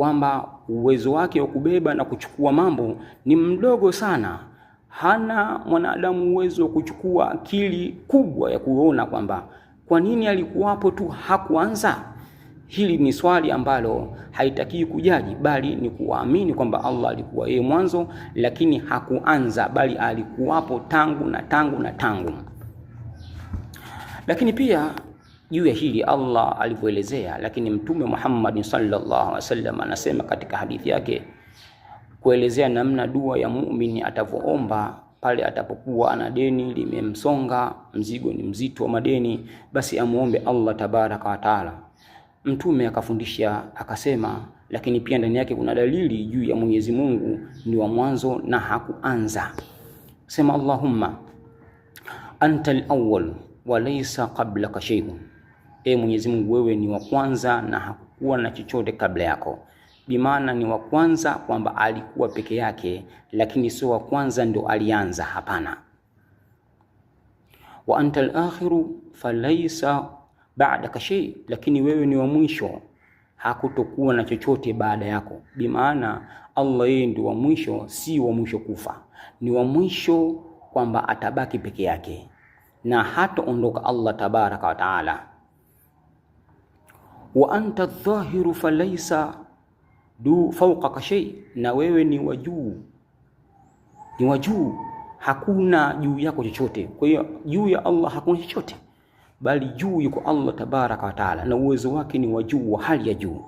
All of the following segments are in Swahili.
kwamba uwezo wake wa kubeba na kuchukua mambo ni mdogo sana. Hana mwanadamu uwezo wa kuchukua akili kubwa ya kuona kwamba kwa nini alikuwapo tu hakuanza. Hili ni swali ambalo haitakiwi kujaji, bali ni kuamini kwamba Allah alikuwa yeye mwanzo, lakini hakuanza, bali alikuwapo tangu na tangu na tangu. Lakini pia juu ya hili Allah alivyoelezea, lakini Mtume Muhammad sallallahu alaihi wasallam anasema katika hadithi yake kuelezea namna dua ya muumini atavyoomba pale atapokuwa ana deni limemsonga, mzigo ni mzito wa madeni, basi amuombe Allah tabaraka wa taala. Mtume akafundisha akasema, lakini pia ndani yake kuna dalili juu ya Mwenyezi Mungu ni wa mwanzo na hakuanza. Sema, Allahumma antal awwal wa laysa qablaka shay'un e Mwenyezi Mungu, wewe ni wa kwanza na hakukuwa na chochote kabla yako. Bimaana ni wa kwanza kwamba alikuwa peke yake, lakini sio wa kwanza ndo alianza. Hapana, wa antal akhiru falaisa ba'daka shay, lakini wewe ni wa mwisho, hakutokuwa na chochote baada yako. Bimaana Allah yeye ndio wa mwisho, si wa mwisho kufa, ni wa mwisho kwamba atabaki peke yake na hataondoka Allah tabaraka wa taala wa anta dhahiru falaisa du fawqaka shay, na wewe ni wajuu, ni wajuu, hakuna juu yako chochote. Kwa hiyo juu ya Allah hakuna chochote, bali juu yuko Allah tabaraka wa taala, na uwezo wake ni wajuu wa hali ya juu.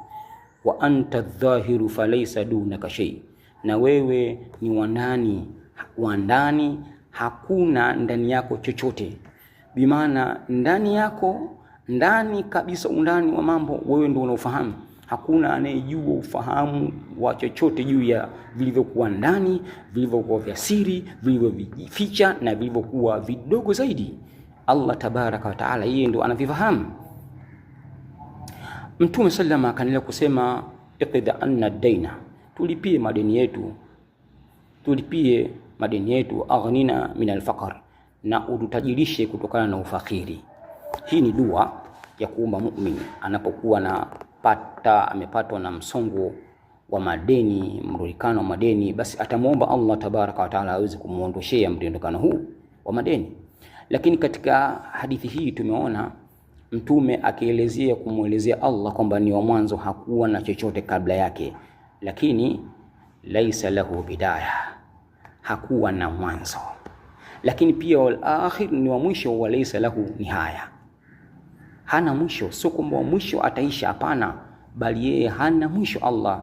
Wa anta dhahiru falaisa dunaka shay, na wewe ni wanani wa ndani, hakuna ndani yako chochote, bimaana ndani yako ndani kabisa, undani wa mambo, wewe ndio unaofahamu. Hakuna anayejua ufahamu wa chochote juu ya vilivyokuwa ndani, vilivyokuwa vya siri, vilivyojificha na vilivyokuwa vidogo zaidi. Allah tabaraka wa taala, yeye ndio anavifahamu. Mtume salama akaendelea kusema iqda anna daina, tulipie madeni yetu, tulipie madeni yetu, aghnina min alfaqr, na ututajirishe kutokana na ufakiri. Hii ni dua ya kuomba muumini anapokuwa na pata amepatwa na msongo wa madeni, mrundikano wa madeni, basi atamuomba Allah tabaraka wa taala aweze kumuondoshea mrudikano huu wa madeni. Lakini katika hadithi hii tumeona Mtume akielezea kumwelezea Allah kwamba ni wa mwanzo, hakuwa na chochote kabla yake, lakini laisa lahu bidaya, hakuwa na mwanzo. Lakini pia wal akhir ni wa mwisho, wa laisa lahu nihaya hana mwisho, sio kwamba mwisho ataisha, hapana, bali yeye hana mwisho Allah